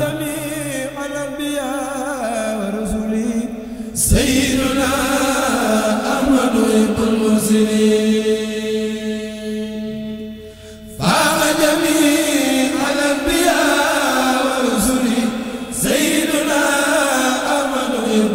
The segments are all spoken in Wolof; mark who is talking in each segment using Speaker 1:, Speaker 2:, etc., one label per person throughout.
Speaker 1: جميع الأنبياء ورسله سيدنا أحمد رب المرسلين فاق جميع الأنبياء ورسله سيدنا أحمد رب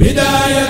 Speaker 1: bidaaya